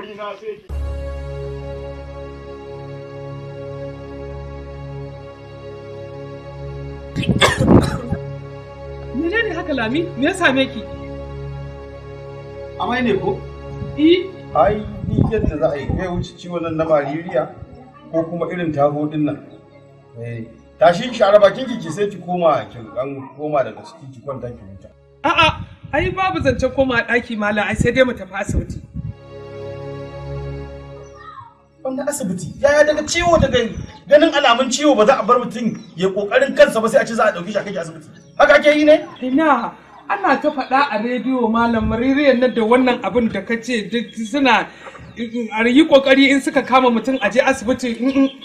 hakuri na sai ki Mene ne haka Lami? Me ya same ki? Amai ne ko? Eh. Ai, ni yadda za a yi kai wuce ciwon nan na maririya ko kuma irin taho din nan. Eh, tashi ki araba kin ki sai ki koma ki an koma daga ciki ki kwanta ki huta. A'a, ai babu zancen koma ɗaki mala, ai sai dai mu tafi asibiti. wannan asibiti yaya daga ciwo gani ganin alamun ciwo ba za a bar mutum ya kokarin kansa ba sai a ce za a dauki shi a kai asibiti haka ake yi ne ina ana ta faɗa a rediyo malam maririyar nan da wannan abin da ka ce duk suna a yi kokari in suka kama mutum a je asibiti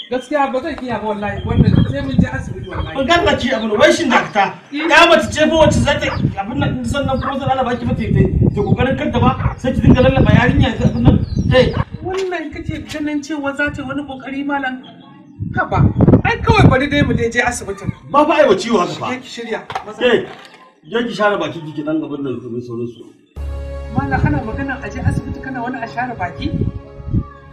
gaskiya ba zan iya ba wallahi wannan sai mun je asibiti wallahi ban ganna ki abin wai shin dakta eh. ya mace ce ba wacce zata abin nan sannan kuma zan alaba ki mata ta kokarin kanta ba sai ki dinga lallaba yarinya ta abin nan eh wannan tunanin cewa za ta yi wani kokari malam kaba. ai kawai bari dai mu dai je asibitin ba fa ai wa ciwo haka ba. shirya ke ki share baki kike dan gaban nan sauran sauransu malam kana magana a je asibiti kana wani a share baki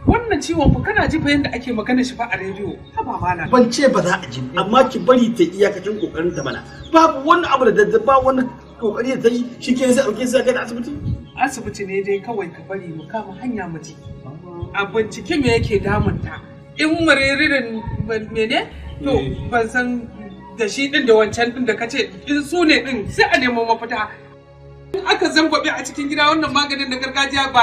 wannan ciwon fa kana ji fa yanda ake magana shi fa a rediyo haba malam ban ce ba za a ji amma ki bari ta iyakacin kokarin ta mana babu wani abu da ba wani kokari da ta yi shi ke sai dauke sai kai asibiti asibiti ne dai kawai ka bari mu kama hanya mu ji a bincike me yake damunta in maririn mene to eh. ban san da shi din da wancan din da kace in su ne din sai a nemo mafita in aka zangwabe a cikin gida wannan maganin na gargajiya ba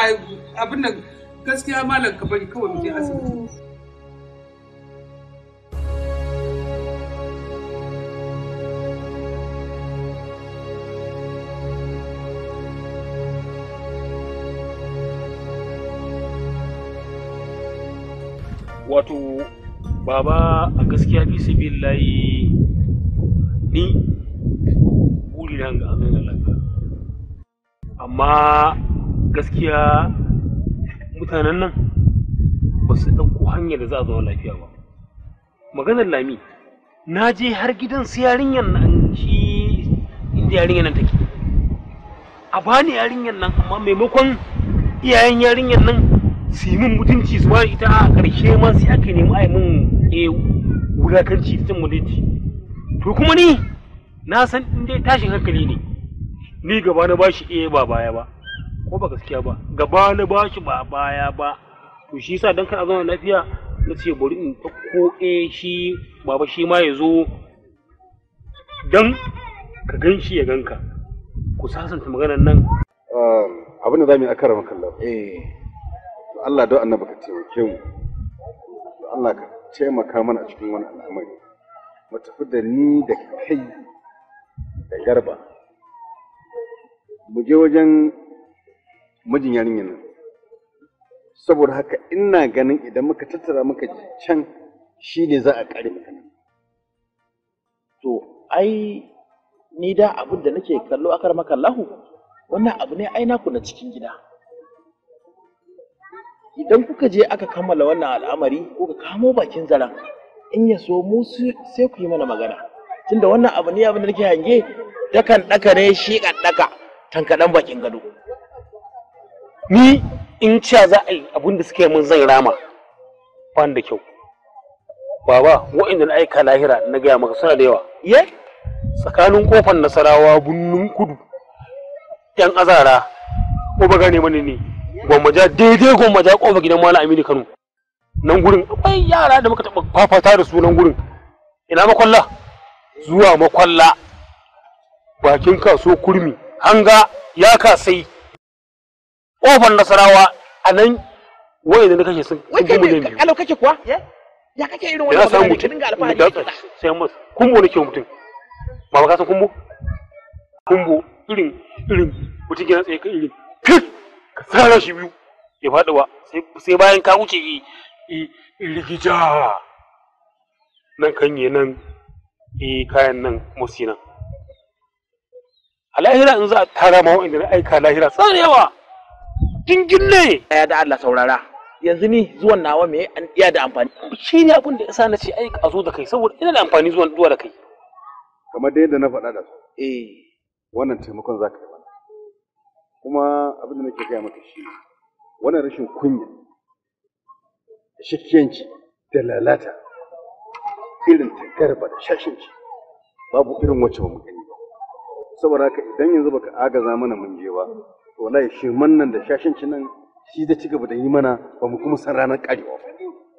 abin nan gaskiya malam ka bari kawai mu je asibiti oh. wato baba a gaskiya fi su layi ni buri na ga amin laka amma gaskiya mutanen nan ba su ɗauko hanyar da za a zama lafiya ba maganar lami na je har gidan su yarinyar nan shi inda yarinyar nan take a bani yarinyar nan amma maimakon iyayen yarinyar nan su yi mutunci su ba ita a ƙarshe ma sai aka nemi a yi min e eh, wulakanci cin mutunci to kuma ni na san in dai tashin hankali ne ni gaba na bashi e ba baya ba ko ba gaskiya ba gaba na bashi ba baya ba to shi yasa dan kana zama lafiya na ce bari in ɗauko e shi baba shi ma ya zo dan ka gan shi ya ganka ku sasanta maganar nan abin da za mu yi a makalla Allah don annabi ka taimake mu Allah ka taimaka mana a cikin wani al'amari mu tafi da ni da kai da garba mu je wajen mijin yarinyar nan saboda haka ina ganin idan muka tattara muka can shi ne za a kare maka nan to ai ni da abin da nake kallo akar maka lahu wannan abu ne ai naku na cikin gida idan kuka je aka kammala wannan al'amari ko ka kamo bakin zara, in ya so mu sai ku yi mana magana tunda wannan abu ne abin da nake hange dakan daka ne shi kan daka tankadan bakin gado ni in cewa za a yi abin da suke mun zan rama ban da kyau baba wa'inda na aika lahira na gaya maka suna da yawa ye tsakanin kofar nasarawa bunnun kudu yan azara ko ba gane mani ne ja daidai ja kofa gidan malam aminu kano nan gurin akwai yara da muka taɓa fafata da su nan gurin ina makwalla zuwa makwalla bakin kaso kurmi hanga ya kasai Kofar nasarawa a nan waye da kake sun kun ne kalau kake kuwa ya kake irin wannan magana ne mutum dinga alfahari sai mu kumbo nake mutum ba ka san kumbo kumbo irin irin mutum na tsaye ka irin fit ka tsara shi biyu ya faɗi ba sai bayan ka wuce rigija nan kan yi nan yi kayan nan musi nan a lahira in za a tara ma wa'anda na aika lahira tsara yawa jingin ne ya da Allah saurara yanzu ni zuwan nawa me an iya da amfani shi ne abin da yasa na ce ai a zo da kai saboda ina da amfani zuwan zuwa da kai kamar da yadda na faɗa da su eh wannan taimakon za ka yi kuma abin da nake gaya maka shi wannan rashin kunya da shakiyanci da lalata irin tankarba da shashinci babu irin wacce ba mu gani ba saboda haka idan yanzu baka agaza mana mun je ba to wallahi shi nan da shashinci nan shi da cigaba da yi mana ba mu kuma san ranar karewa ba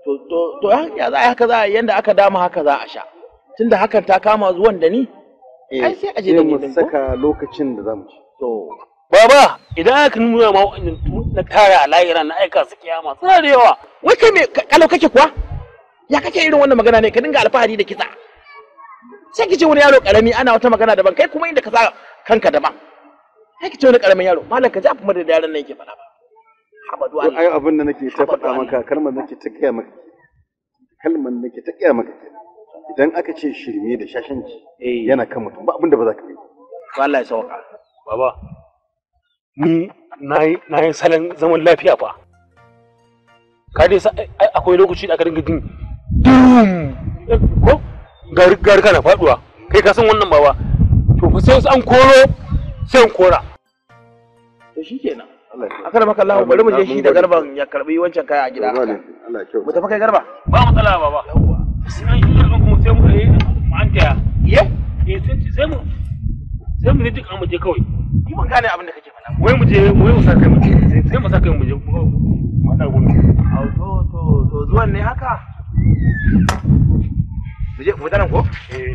to to to ya za a haka za a yanda aka dama haka za a sha tunda hakan ta kama zuwan da ni eh, ai sai a je da mu saka lokacin da zamu ci to Baba, idan aka nuna ma wa'annan na tara a lahira na aika su kiyama suna da yawa. Wai kai me kalau kake kuwa? Ya kake irin wannan magana ne ka dinga alfahari da kitsa. Sai kice wani yaro karami ana wata magana daban kai kuma inda ka sa kanka daban. Sai kice wani karamin yaro malam ka ji abin da yaron nan yake faɗa ba. Habadu Allah. Ai abin da nake ta faɗa maka kalmar nake ta gaya maka. Kalmar nake ta gaya maka. Idan aka ce shirme da shashanci eh. yana kan mutum ba abin da ba za ka yi. Wallahi sauka. Baba, ni na yi salon zaman lafiya fa ka dai akwai lokaci da aka dinga jin dum ko gari kana faduwa kai ka san wannan baba to fa sai an koro sai an kora to shikenan kare maka Allah bari mu je shi da garban ya karbi wancan kaya a gida mu tafi kai garba ba matsala baba sai an yi mu sai mu kai mu an taya ye eh sai mu sai mu ne duk an mu je kawai Ni ban gane abin da kake faɗa. Wai mu je wai mu sai mu mu je mu haɗa gobe. to to to zuwan ne haka. Mu je mu ko? Eh.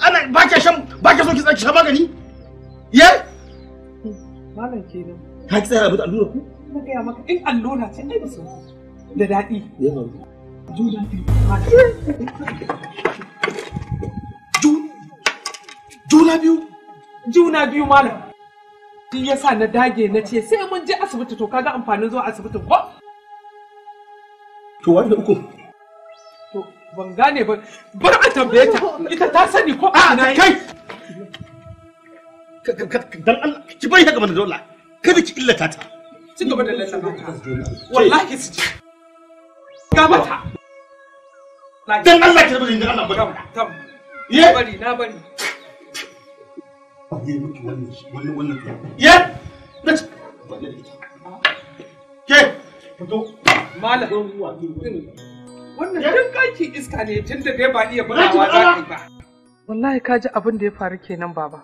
ana ba ke shan ba ke so ki tsaki shan magani ye malam kenan ka ki tsaya abin allura ku na gaya maka in allura ce ai ba su da daɗi ye ma ju daɗi ju juna biyu juna biyu malam shi yasa na dage na ce sai mun je asibiti to kaga amfanin zuwa asibiti ko to wanda uku ban gane ba bar a tambaye ta ita ta sani ko a na kai dan Allah ki bai ta gaban dole kada ki illata ta ci gaba da lalata wallahi su ji gaba ta dan Allah ki bari dan Allah ba tam ye bari na bari ye miki wannan wannan wannan ya na ci ke fito malamin ruwa Wannan duk kaki iska ne tunda dai ba iya bugawa za ka yi ba. Wallahi ka ji abin da ya faru kenan baba.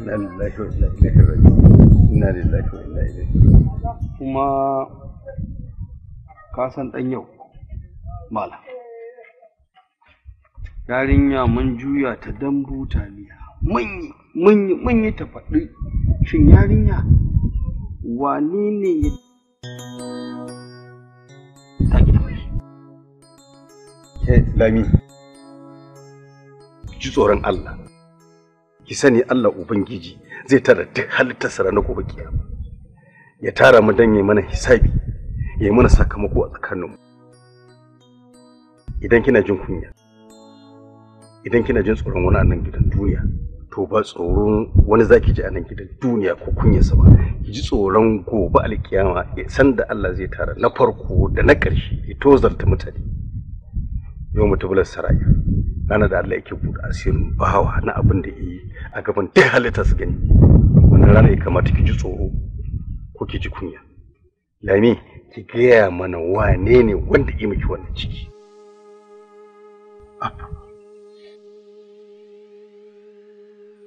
Inna lillahi wa inna ilaihi raji'un. Inna lillahi wa inna ilaihi Kuma ka san dan yau mala. Yarinya mun juya ta dan butaniya. Mun yi mun yi ta faɗi shin yarinya wane ne ya Eh, lami ji tsoron Allah ki sani Allah ubangiji zai tara duk halittarsa na gobe kiyama ya tara mu dan yayi mana hisabi yayi mana sakamako a tsakaninmu idan kina jin kunya idan kina jin tsoron wani a nan gidan duniya to ba tsoron wani zaki ji a nan gidan duniya ko kunyarsa ba ki ji tsoron gobe alkiyama san da Allah zai tara na farko da na ƙarshe ya tozarta mutane yau mutubular sarayi ranar da Allah yake buɗe asirin bawa na abin da yi a gaban dai halitta su gani wannan rana ya kamata ki ji tsoro ko ki ji kunya lami ki gaya mana wane ne wanda yi miki wannan ciki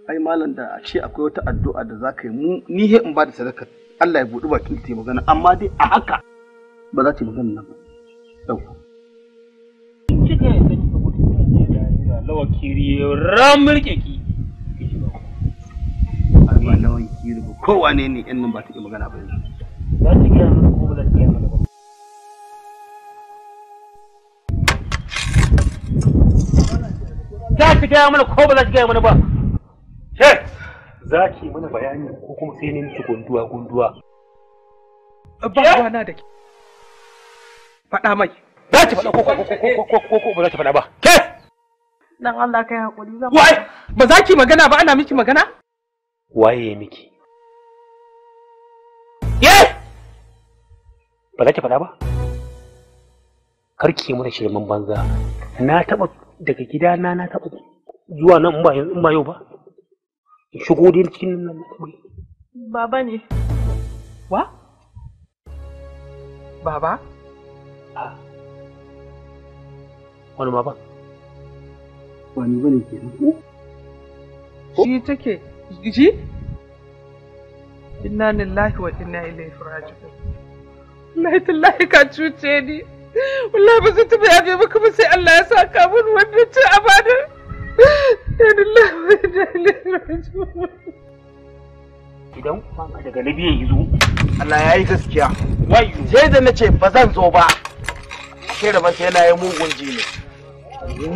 ai malam da a ce akwai wata addu'a da za ka yi mu ni he in ba da sadaka Allah ya buɗe bakin ta yi magana amma dai a haka ba za ta yi magana nan ba lawa kiri ramurke ki amma lawan kiri ba kowa ne ne yan nan ba ta ki magana ba yanzu za ta gaya mana ko ba za ta gaya mana ba za ta gaya mana ko ba za ta gaya mana ba she za ki mana bayani ko kuma sai ne miki gunduwa gunduwa ba na da ki faɗa mai za ta faɗa ko ko ko ko ko ko ba za ta faɗa ba ke Dan Allah kai hakuri zan. Wai, ba za ki magana ba ana miki magana? Waye miki? Ye! Ba za ki faɗa ba? Kar ki mana shirman banza. Na taɓa daga gidana na taɓa zuwa nan in ba yau ba. In shigo dai cikin nan na Baba ne. Wa? Baba? Ah. Wani baban. ba ni bane ke ko shi take ji inna lillahi wa inna ilaihi raji'un wallahi tallahi ka cuce ni wallahi ba zan taba yabe maka ba sai Allah ya saka mun wannan ci amana Ya lillahi wa inna ilaihi raji'un idan kuma daga nabiya yazo Allah ya yi gaskiya wai sai da nace ba zan zo ba sai da ban sai na yi mugun jini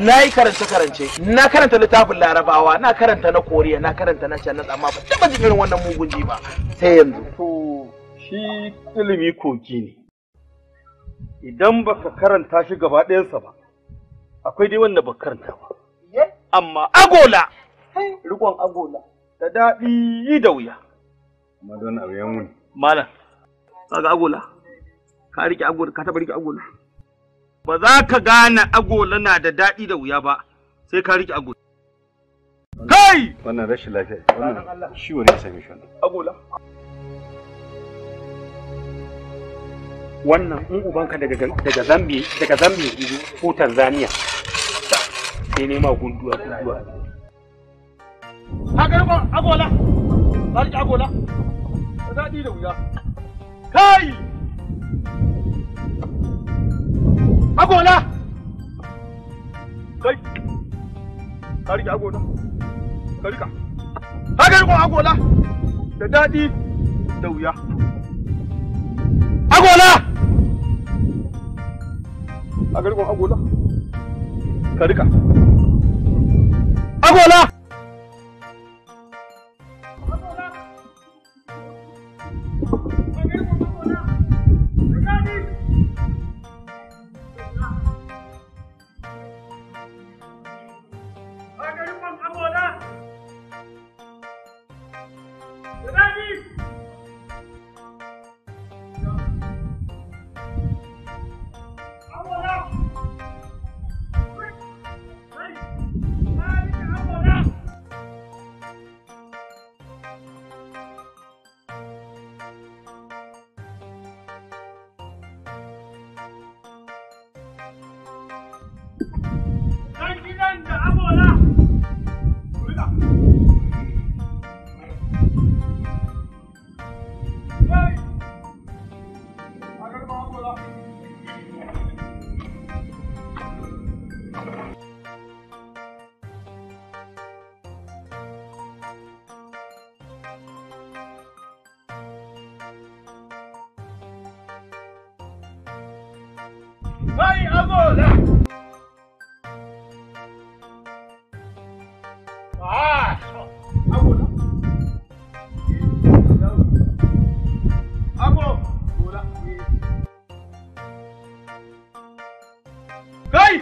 na yi karance karance na karanta littafin larabawa na karanta na koriya na karanta na can amma ba taba jin irin wannan mugun ji ba sai yanzu to shi ilimi kogi ne idan baka karanta shi gaba ɗayansa ba akwai dai wanda ba karanta ba amma agola rikon agola da daɗi yi da wuya madonna wuyan wuni malam kaga agola ka rike agola ka taba rike agola ba za ka gane agola na da daɗi da wuya ba sai ka riƙe agola. Kai! Wannan rashin lafiya, wannan shi wani ya same shi Agola. Wannan in ubanka daga daga Zambia daga Zambia zuwa ko Tanzania sai nema gunduwa gunduwa. Ka ga agola. Ka riƙe agola. Da daɗi da wuya. Kai! Agona! Kai! Ka rike agona? Ka rika. Ka ga rikon agona? Da daɗi da wuya. Agona! Ka ga rikon agona? Ka rika. Agona! Vai agora! Ah! Kai!